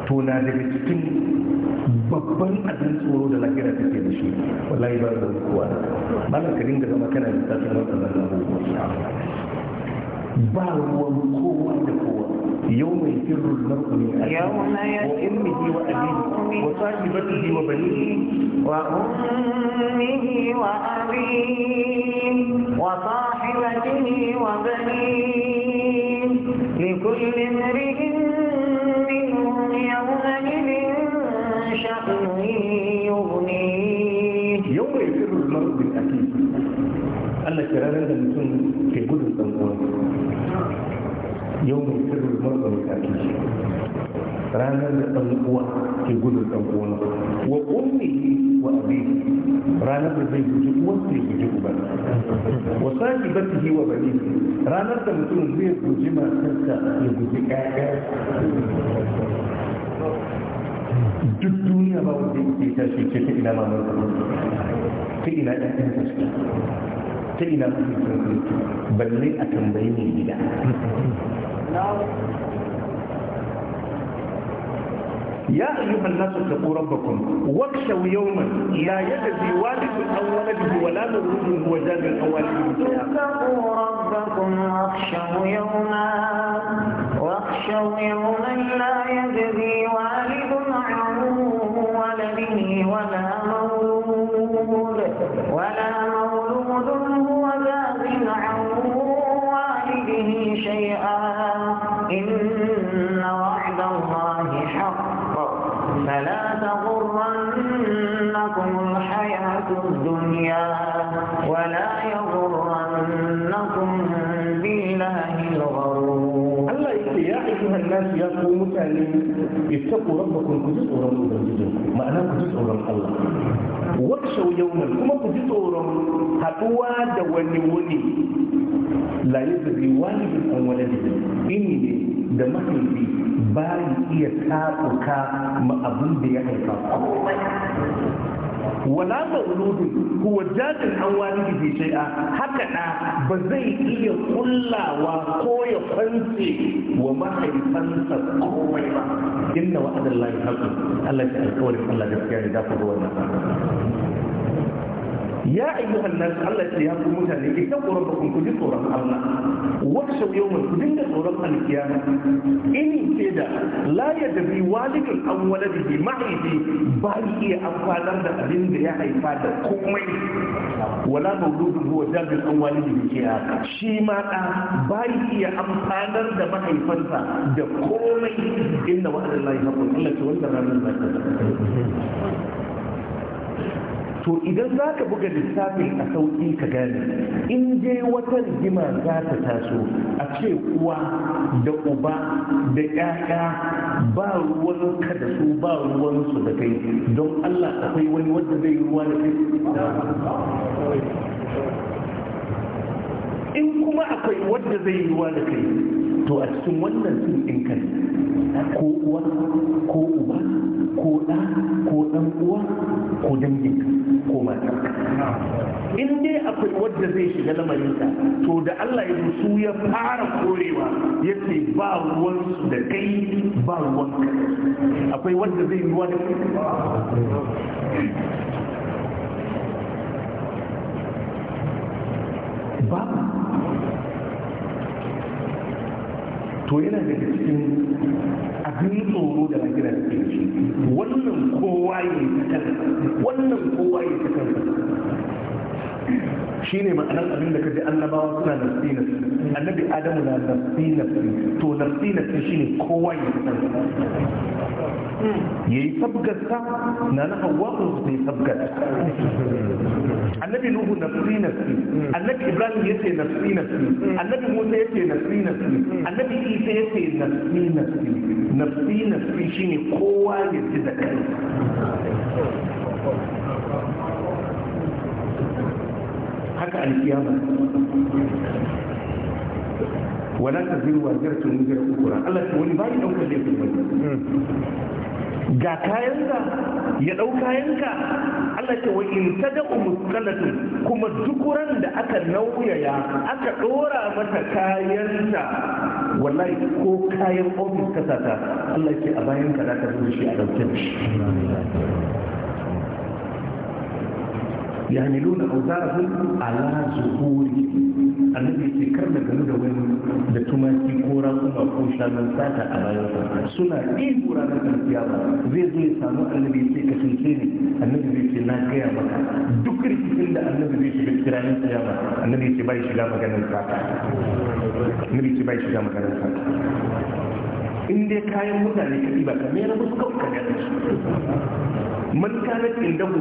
to na daga cikin babban abin tsoro da lafiya take da shi wallahi ba da kowa malam ka dinga zama kana da tsakin wannan abubuwa ba ruwan kowa da kowa يوم يفر المرء من أهله وأمه وأبيه وصاحبته وبنيه وأمه وأبيه وصاحبته وبنيه لكل امرئ منهم tsarki ranar da ɗan uwa ke gudun ɗan uwa wa ummi wa abi ranar da zai guji uwan sai guji uban wa saki batihi wa bani ranar da mutum zai guji matarsa ya guji ƴaƴa duk duniya ba wanda yake tashi ce ta ina mamar ta ina ƴaƴan ta ina mafi balle a tambayi ne gida يا أيها الناس اتقوا ربكم واخشوا يوما لا يجزي والد أو ولده ولا مولود هو جاز أو والده اتقوا ربكم واخشوا يوما واخشوا يوما لا يجزي والد عن ولده ولا مولود ولا مولود هو جاز عن والده شيئا الدنيا ولا يغرنكم بالله الغرور الله يقول يا أيها الناس يا قوم اتقوا ربكم كجزء رب ma'ana ku tsoron Allah wakshau yaunan kuma ku tsoron haɗuwa da wani wani la yuzri walidin an waladihi ini ne da mahaifi ba iya tafuka ma abin da ya haifa wala mauludun huwa jadin an walidihi shay'a haka da ba zai iya kullawa ko ya kwance wa mahaifansa komai ba inna wa'adallahi haqqun Allah ya alƙawarin Allah gaskiya ne da ku wannan ya ayyuhan nas Allah ya ku mutane ki ta tsoron ku ku tsoron Allah wakshaw yawman ku dinga tsoron alkiyama ini ce da la ya dabi walidun an waladihi mahaifi ba iya amfanar da abin da ya haifa da komai wala mauludun huwa jabir an walidihi ke haka shi ma da ba iya amfanar da mahaifansa da komai inna wa'adallahi haqqun Allah ce wannan ranar zaka to idan za ka buga lissafin a sauƙi ka gane in je wata rigima za ta taso a ce uwa da uba da ƴaƴa ba ruwan ka da su ba ruwan su da kai don Allah akwai wani wanda zai ruwa da kai in kuma akwai wanda zai ruwa da kai to a cikin wannan sun in kan ko uwa ko uba ko ɗa ko ɗan uwa ko dangin in dai akwai wadda zai shiga lamarin to da Allah ya su ya fara korewa ya ce ba ruwan da kai ba ruwan akwai wadda zai yi wani ba to yana daga cikin abin tsoro da lagira da ke wannan kowa ya yi ta wannan kowa ya yi shi ne ma'anar abin da kaji annabawa suna nafsi nafsi annabi adamu na nafsi nafsi to nafsi nafsi shi ne kowa ya san ya yi sabgarsa na na hawa'un su ne sabgar annabi nuhu nafsi nafsi annabi ibrahim ya ce nafsi nafsi annabi musa ya ce nafsi nafsi annabi isa ya ce nafsi nafsi nafsi nafsi shi ne kowa ya ji da kai haka alkiyama wala ta zirwa zartun mujar kukura Allah ta wani bayi ɗaukar da kuma ga kayanka ya dau kayanka Allah ta wani in da musqalatun kuma dukuran da aka nauyaya aka ɗora mata kayanta wallahi ko kayan ofis kasata Allah ke a bayan ka za ta zo shi a dauke shi يعملون أوزارهم على ظهور النبي يذكر لك وين da tumaki ko raƙuma ko shanun sata a bayan suna ɗin kura na kiyama zai zo ya samu annabi ya ce ka tunce ne annabi zai ce na gaya maka duk rikicin da annabi zai shiga kiranin kiyama annabi ce bai shiga maganar annabi ce bai shiga maganar in dai kayan mutane ka ɗiba ka mera musu ka gane man kanat indahu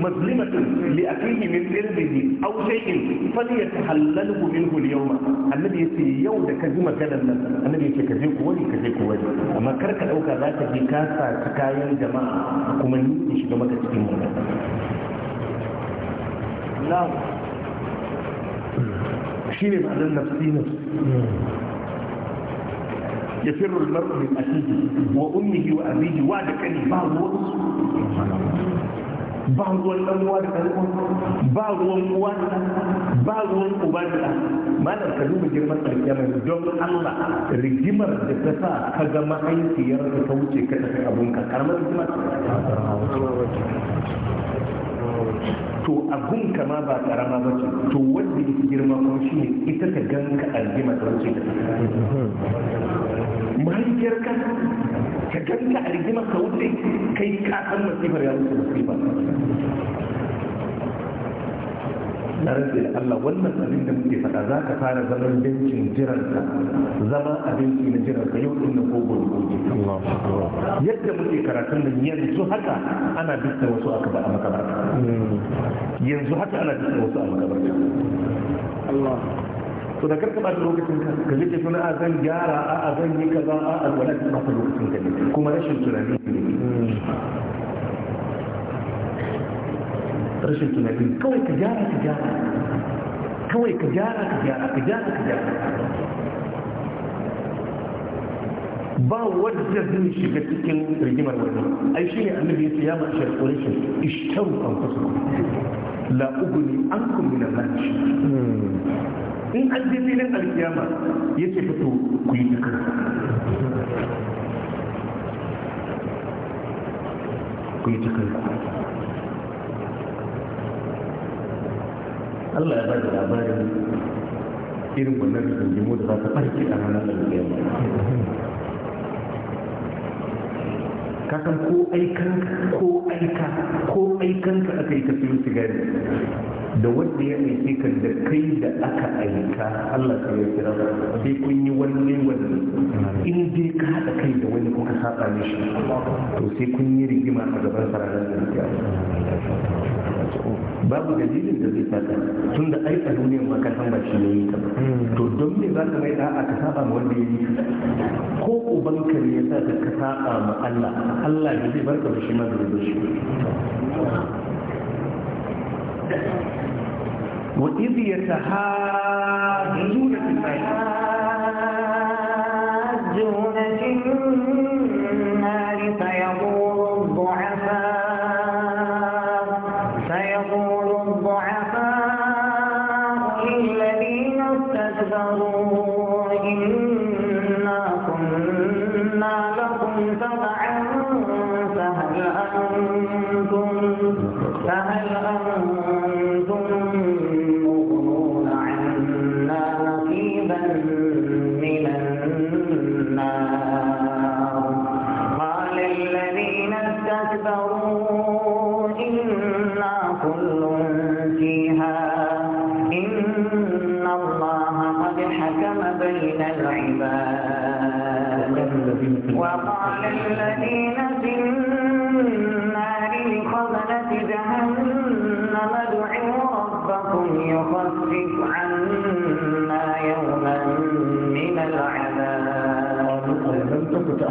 mazlimatun li akhihi min irdihi aw shay'in falyatahallalhu minhu al-yawma annabi yace yau da ka ji maganar nan annabi yace ka je ku wani ka je ku wani amma kar ka ɗauka za ka je ka kayan jama'a kuma ni in shiga shine ma'anar nafsi ya firru al-mar'u min akhihi wa ummihi wa abihi wa da kani ba ruwan ba ruwan dan uwa da dan ba ruwan uwa da ba ruwan uba da malam ka duba girman alƙiyama don Allah rigimar da ta sa ka ga mahaifiyar ka ta wuce ka tafi abun ka karamar rigimar to abun ka ma ba karama ba ce to wanda ya fi girma kuma shi ne ita ka ganka alƙiyama ta wuce ka mahaifiyar ka ka ganta a rigima ka wuce kai kasar san masifar ya wuce masifar na rantsa da Allah wannan abin da muke faɗa za ka fara zaman bencin jiranka zama abinci na jiranka yau din na kogon gobe yadda muke karatun nan yanzu haka ana bisa wasu aka ba a makabarta yanzu haka ana bisa wasu a makabarta to da karka ba lokacin ka ka je ke tuna a zan gyara a zan yi kaza a alwala ka ba lokacin ka ne kuma rashin tunani rashin tunani kawai ka gyara ka gyara kawai ka gyara ka gyara ka gyara ka gyara ba wadda zai shiga cikin rigimar wani ai shi ne annabi ya ce ya mace ƙurishin ishtaru an kusa la uguni an kuma na in an je filin alkiyama ya ce fito ku yi zikir ku yi zikir Allah ya bada labarin irin wannan da rigingimu da za ta farki a ranar alkiyama kasan ko aikanka ko aika ko aikan aka yi tafiyar sigari da wanda ya aike ka da kai da aka aika Allah ka yi kira sai kun yi wani wani in dai ka haɗa kai da wani kuka saba shi to sai kun yi rigima a gaban sararin da ya babu dalilin da zai saka tun da ai a duniyar ma ka san shi ne yi ka to don me za ka mai da aka saba ma wanda ya yi ko ubanka ne ya sa ka saba ma Allah Allah da zai barka da shi ma da zai shi wa idh yatahajjuna fil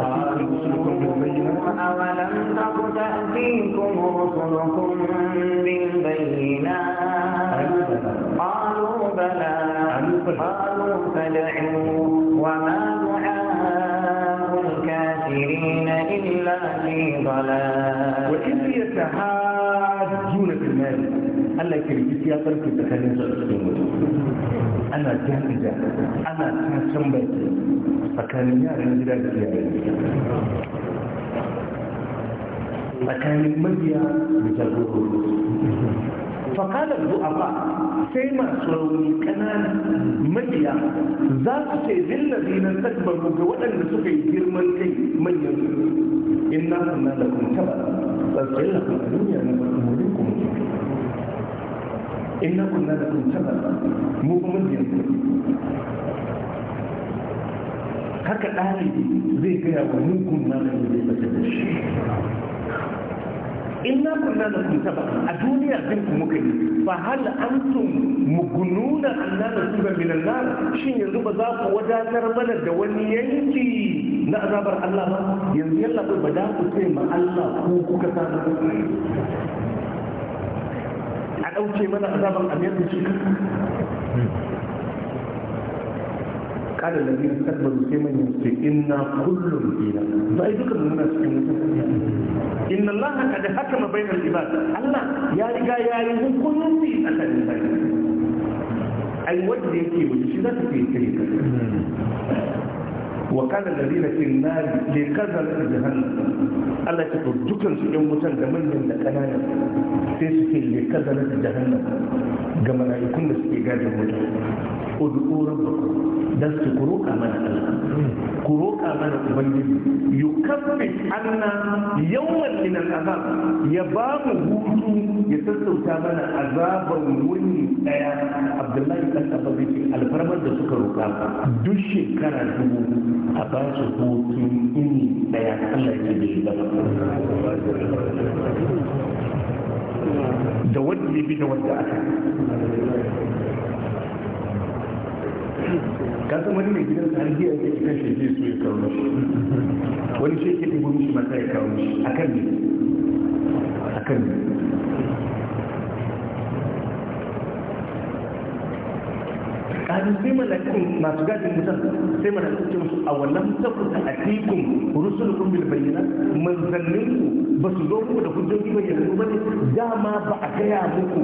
تأتيكم رسلكم بالبينات أولم تك تأتيكم رسلكم بالبينات قالوا بلى قالوا فدعوا وما دعاء الكافرين إلا في ضلال وإذ يتحاجون في المال Allah ke rikici ya karfe tsakanin su cikin mutum ana jami'a ana tashin bai tsakanin yaran gida da iyayen tsakanin mabiya da jagorori فقال الضعفاء سيما سروني كنان مجيا ذات سيد الذين استكبروا بوأن سكي جرما كي من ينسوا إنا كنا لكم تبعا فسئلكم الدنيا نفسها inna kunna da kun tabbata mu kuma biyan haka ɗalibi zai gaya wa mugun malamin zai bata da shi inna kunna da kun tabbata a duniya bin ku muka yi fa hal antum mugununa anna da suba min annar shin yanzu ba za ku wadatar mana da wani yanki na azabar Allah ba yanzu yalla ba da ku ce ma Allah ko kuka sanar ɗauke mana azaban abiyar da cikin kada da biyu kan baru sai mai kullum ina nuna cikin inna allah haka da haka mabai da allah ya riga ya yi hukunci a kan yanzu ai wanda yake wuce shi za ta fi yi kai wa kana ladina fi nar li da jahannam Allah ya to dukan su yan wutan da manyan da kanana sai su ce li kazal jahannam ga mala'ikun da suke gadin wuta ud'u rabbakum da su kuroka mana Allah kuroka mana ubangiji yukaffif anna yawman min al'azab ya ba mu hutu ya sassauta mana azaban wani daya Abdullahi kan tabbacin alfarmar da suka roka duk shekara dubu a ba su hutu ini daya Allah ya bai ba da wanda ya bi da wanda aka ka san wani gidan har giya ke kan shi ke ya kawo shi wani shi ke ɗigo mishi mata ya kawo shi akan ne akan ne kadin sai malakin masu gadin mutan sai malakin ce musu a wannan tabbata a tikun rusulukum bil bayyinat manzannin ku ba su zo muku da hujjoji ba yanzu ba ne dama ba a gaya muku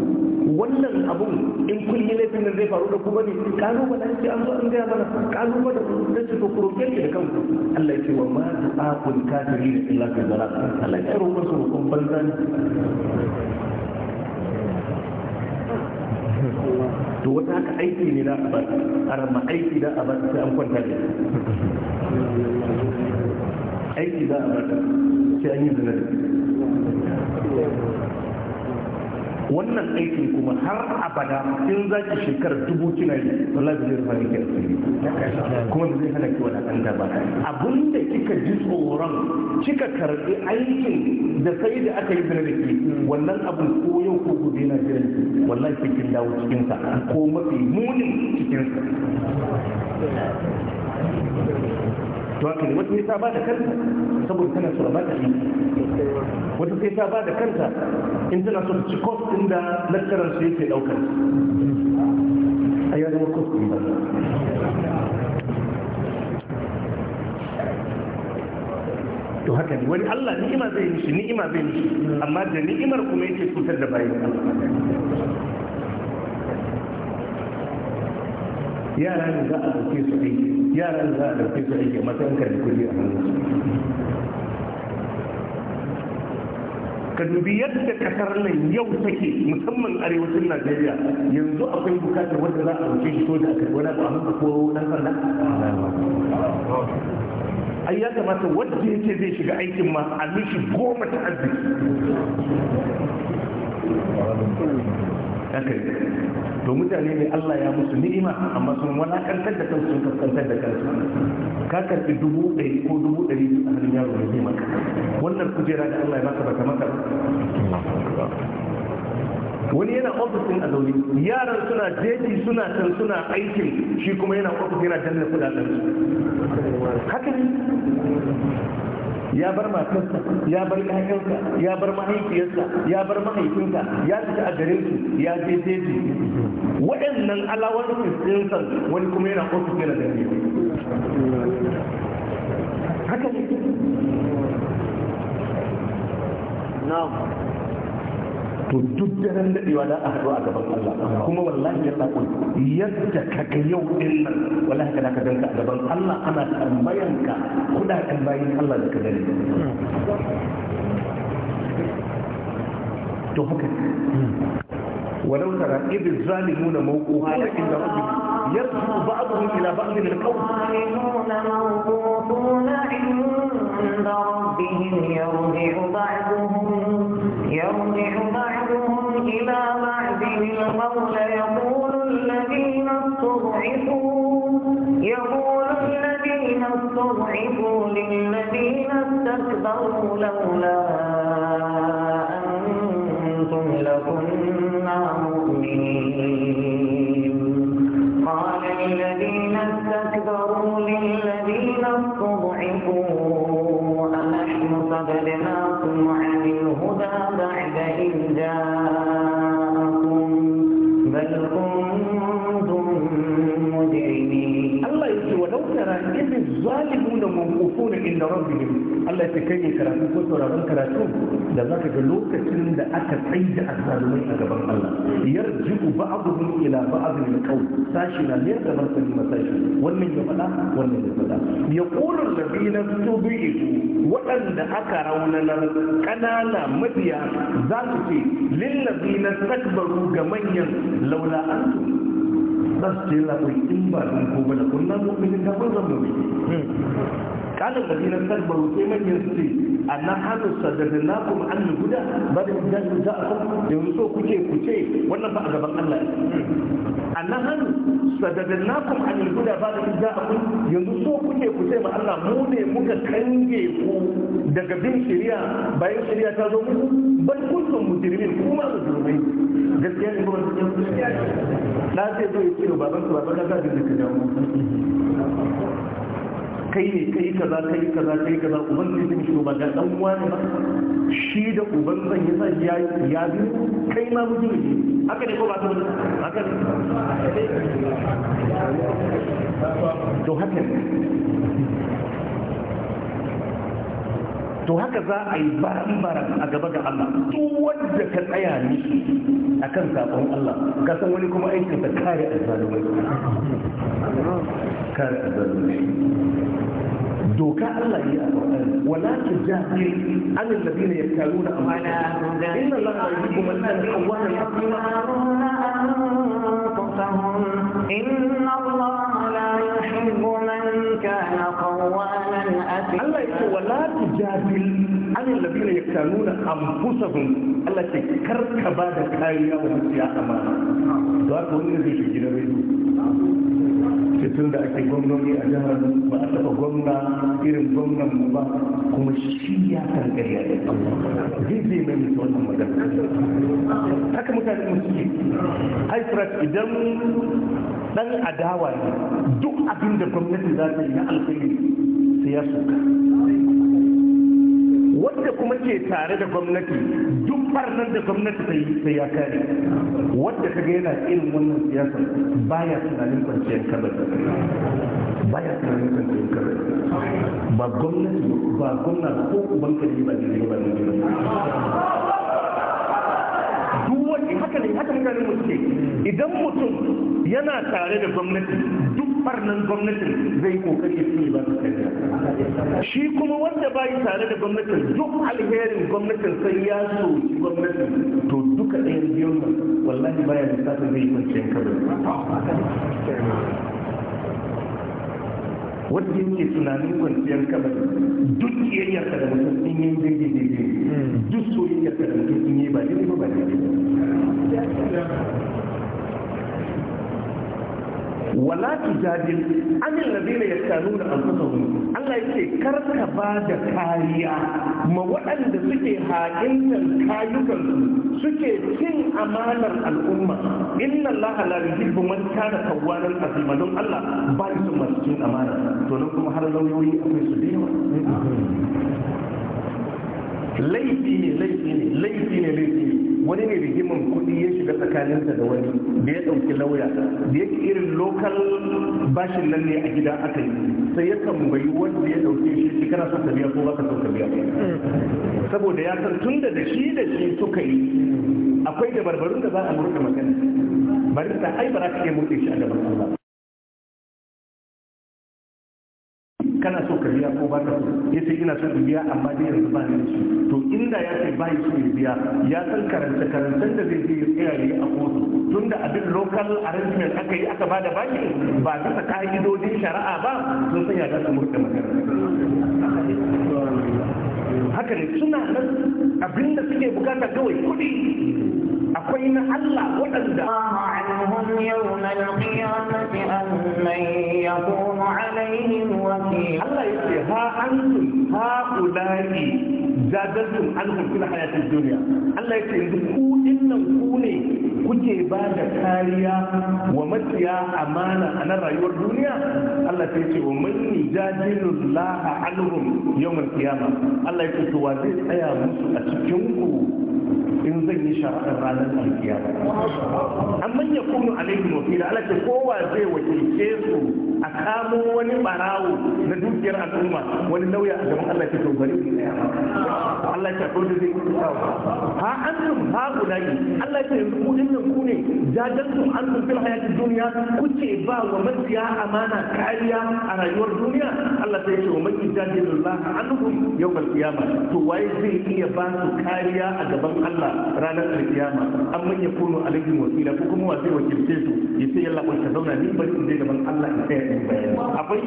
wannan abun in kun yi laifin nan zai faru da ku bane kalu ba ce an zo an gaya mana kalu ba da da ce ko kuro ne da kanku Allah ya ce wa ma du'a kun kafirin illa fi dalal Allah ya roƙa su kun banzan to wata haka aiki ne da a bar aiki da a sai an kwanta da aiki da a sai an yi zina wannan aikin kuma har abada in za ki shekarar dubu kina yi wallahi zai rufa miki asiri kuma zai hana ki gaba ba da kika ji tsoron kika karɓi aikin da sai da aka yi zina da ke wannan abin ko yau ko gobe na jiran wallahi sai kin dawo cikinsa ko mafi munin cikinsa to haka ne wata sai ta ba da kanta saboda tana so a ba ta yi wata sai ta ba da kanta in tana so ci kos din da lakkarar su yake daukar a ya zama kos din ba to haka ne wani Allah ni'ima zai mishi ni'ima zai mishi amma da ni'imar kuma yake cutar da bayan Allah yara ne za a ɗauke su aiki yaran za a ɗauke su aiki matan karbi kuɗi a hannun ka dubi yadda kasar nan yau take musamman arewacin najeriya yanzu akwai bukatar wanda za a ɗauke shi soja a karbi ba a hannun ko ɗan sanda ai ya kamata wanda yake zai shiga aikin ma a mishi goma ta arziki haka to mutane ne Allah ya musu ni'ima amma sun walakantar da kansu sun kaskantar da kansu ka karfi dubu ɗari ko dubu ɗari a hannun yaro mai zai maka wannan kujera da Allah ya baka baka maka wani yana ofisin a zaune yaran suna jeji suna can suna aikin shi kuma yana ofis yana danna kudaden su haka ne ya bar matarsa ya bar ƴaƴansa ya bar mahaifiyarsa ya bar mahaifinsa ya fita a garin su ya je su waɗannan alawar kristiyansa wani kuma yana ofis yana da haka ne to duk daren daɗewa da a haɗu a gaban Allah kuma wallahi ya sako yadda ka ga yau din nan wallahi ka ka danka a gaban Allah ana tambayanka kudaden bayin Allah da ka gani to haka ولو tara إذ الظالمون موقوفون عند ربهم يرجو بعضهم إلى ba'dhum ila الظالمون al-qawl عند ربهم يرجع بعضهم إلى بعض القول يقول الذين استضعفوا للذين استكبروا لولا Allah ta kai karatu ko sauraron karatu da za ka ga lokacin da aka tsaye da azzalumai a gaban Allah yar yarji'u ba'dhum ila ba'dhin qawl sashi na ne da martani masashi wannan ya faɗa wannan ya faɗa yaqulu alladhina tubi'u waɗanda aka raunanar ƙanana mabiya za su ce lillazina takbaru ga manyan laula antum bas su ce labai in ba sun ko bane kullum mu'minin da kullum mu'minin kalan da kan baro sai manyan su ce anna hanu sadadnakum an guda ba da bal jadu ja'akum yanzu so kuke kuce wannan ba a gaban Allah anna hanu sadadnakum an guda ba da bal ja'akum yanzu so kuke kuce ma Allah mu ne muka kange ku daga bin shari'a bayan shari'a ta zo muku bal kuntum mujrimin kuma mujrimai gaskiya ne ba na ce zo ya ce baban su baban ka ga da ka damu kai ne kai kaza kai kaza kai kaza uban ne zai shi ba ga dan wani ba shi da uban zan yi sa ya ya bi kai ma mutum ne haka ne ko ba ta haka ne to haka ne to haka za a yi baran-baran a gaba ga Allah duk wanda ka tsaya ni a kan zaɓen Allah ka san wani kuma aikin ta kare azzalumai kare azzalumai doka Allah yi a ƙwarar wala ta jahi alin da bina ya karu da amana inna Allah ya yi kuma nan da Allah ya yi إن الله لا يحب من كان قوي tujadil anil ladina yaktanuna anfusahum Allah ce karka ba da kariya wa mutiya amana to haka wani zai shi gidan rayu ce tun da ake gwamnoni a jihar ba a taɓa gwamna irin gwamnan mu ba kuma shi ya tangariya da zai zai mai mutu wannan magana haka mutane musu ke haifrat idan dan adawa ne duk abin da gwamnati za ta yi na alkhairi sai ya soka wanda kuma ke tare da gwamnati duk farnan da gwamnati ta yi sai ya kare wanda kaga yana irin wannan siyasa baya tunanin kwanciyar kabar baya tunanin kwanciyar kabar ba gwamnati ba gwamna ko uban yi ba ne ba ne duk wani haka ne haka mutane mu suke idan mutum yana tare da gwamnati duk nan gwamnatin zai kokari su ba su kariya shi kuma wanda ba yi tare da gwamnatin duk alherin gwamnatin sai ya soki gwamnatin to duka ɗayan biyun wallahi baya lissafin zai kwanciyar kabari wanda yake tunanin kwanciyar kabari duk kiyayyarka da mutum in yi daidai daidai hmm. duk soyayyarka da mutum in yi ba daidai ba ba daidai wala tujadil anil ladina yastanuna anfusahum Allah yake karka ba da kariya ma waɗanda suke haƙintar kayukan suke cin amanar al'umma inna Allah la yuhibbu man kana tawwalan azima don Allah ba su masu cin amana to nan kuma har lauyoyi akwai su da yawa laifi ne laifi ne laifi ne laifi ne wani ne rigimin kuɗi ya shiga tsakaninsa da wani da ya ɗauki lauya da yake irin lokal bashin nan ne a gida aka yi sai ya tambayi wanda ya ɗauke shi shi kana son ka biya ko baka son ka biya saboda ya san tun da shi da shi suka yi akwai dabarbarun da za a murka magana bari ta ai ba za ka iya murɗe shi a gaban Allah kana so ka biya ko ba ka so ya ce ina so in biya amma dai yanzu ba ni su, to inda ya ce ba so ya biya ya san karanta karantar da zai je ya tsaya ne a kotu tunda abin local arrangement aka yi aka ba da baki ba sa ka'idodin shari'a ba sun san ya za su murɗe magana haka ne suna nan abin da suke bukata kawai kuɗi akwai na Allah waɗanda عنهم يوم القيامة ya يكون عليهم Eh, Allah ya ce ha antum ha ulai jadaltum anhum fil hayatid dunya Allah yake yanzu ku nan ku ne kuke ba da kariya wa a amana a nan rayuwar duniya Allah ta ce wa man yujadilu Allah anhum yawm al-qiyamah Allah ce to wa zai tsaya musu a cikin ku in zan yi shafa'ar ranar alkiya amma ya kunu alaihi wakila ala ce kowa zai wakilce su a kamo wani barawo na dukiyar al'umma wani lauya a gaban Allah ta tobari ne Allah ta ko zai ha antum ha ulai Allah ta yanzu ku dinnan ku ne jajantum antum fil hayatid dunya kuce ba wa mabiya amana kariya a rayuwar duniya Allah ta yace wa man yajadilullah anhum yawm al-qiyamah to wai zai iya ba su kariya a gaban Allah ranar alkiyama an manya yakunu alaihim wasila ko kuma wa wakilce su ya ce yalla kun ka zauna ni bari in je gaban Allah in tsaya in bayani akwai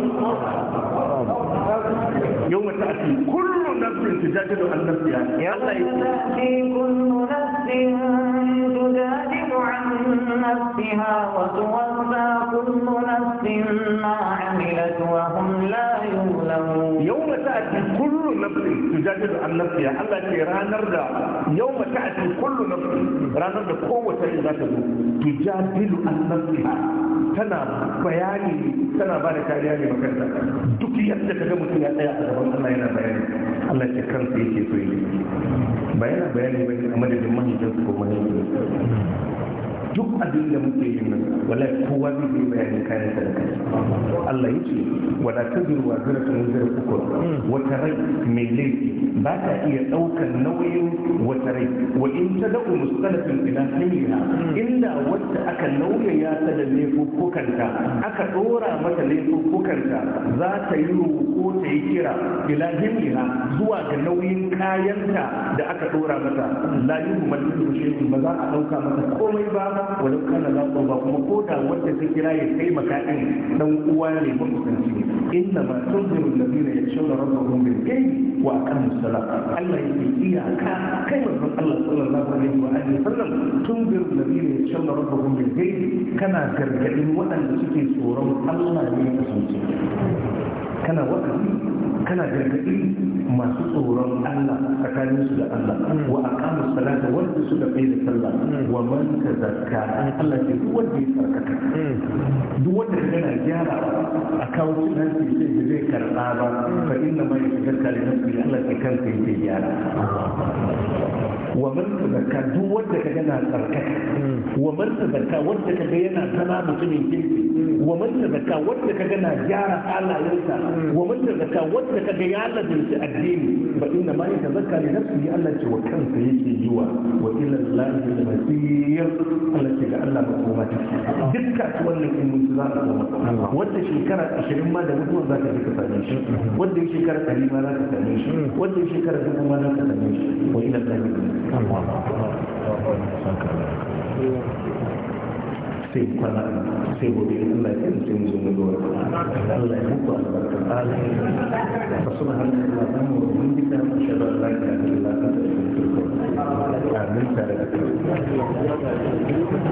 yau mata a cikin kullum na su su jaje da Allah ya ya Allah ya ce kullu nafsin tujadilu an nafsiha wa tuwaffa kullu nafsin ma amilat wa hum la yuzlamun yau mata a cikin kullu nafsin tujadilu an nafsiha Allah ce ranar da yau mata a cikin kullu nafsin ranar da kowace za ta zo tujadilu an nafsiha nasiha tana bayani tana ba da kariya ne makarta duk yadda ga mutum ya tsaya a gaban Allah yana bayani Allah ya kansa yake so yi ba yana bayani ba a madadin mahaifinsa ko mahaifinsa duk abin da muke yi nan wallahi kowa zai yi bayanin kayan sadaka Allah yake wala taziru wa zira tun zira ukur wata rai mai laifi ba ta iya ɗaukar nauyin wata rai wa in ta da'u mustalafin ila hayya illa wata aka ya ta da laifukanta aka ɗora mata laifukanta za ta yi ko ta yi kira ila himliha zuwa ga nauyin kayanta da aka ɗora mata la yi kuma ba za a ɗauka mata komai ba walau kana za ba kuma ko da wanda ta kira ya taimaka ɗin dan uwa ne ba kusanci inna ma tunziru ladina yakshawna rabbahum bil ghaibi wa aqamu salat Allah ya yake iyaka kai manzon Allah sallallahu alaihi wa alihi wasallam tunziru ladina yakshawna rabbahum bil ghaibi kana gargaɗin waɗanda suke tsoron Allah ne kasance kana wakafi kana gargaɗi masu tsoron Allah tsakanin su da Allah wa aqamu salata wanda suka kai da sallah wa man tazakka Allah ke duk wanda ya tsarkaka duk wanda yana gyara account nan sai sai zai karba ba fa inna ma yatazakka li nafsi Allah ke kansa yake gyara wa man tazakka duk wanda ka yana tsarkaka wa man tazakka wanda ka yana zama mutumin kirki wa man tazakka wanda ka yana gyara halayensa wa man tazakka wanda ka ga ya lazimci addini alim fa inna ma yatazakka li nafsihi Allah ce wa kansa yake yiwa wa ila Allah al-masir Allah ce ga Allah makoma take wannan in za a koma wanda shekara 20 ma da mutuwa za ka ka same shi wanda shekara 100 ma za ka same shi wanda shekara 10 ma za ka same shi wa ila Allah al-masir sai kwana sai gobe in Allah ya sai mu zo mu zo Allah ya muku albarka fa subhanaka allahumma ta bihamdika ashhadu an la ilaha illa anta astaghfiruka wa atubu ilaik amin tare da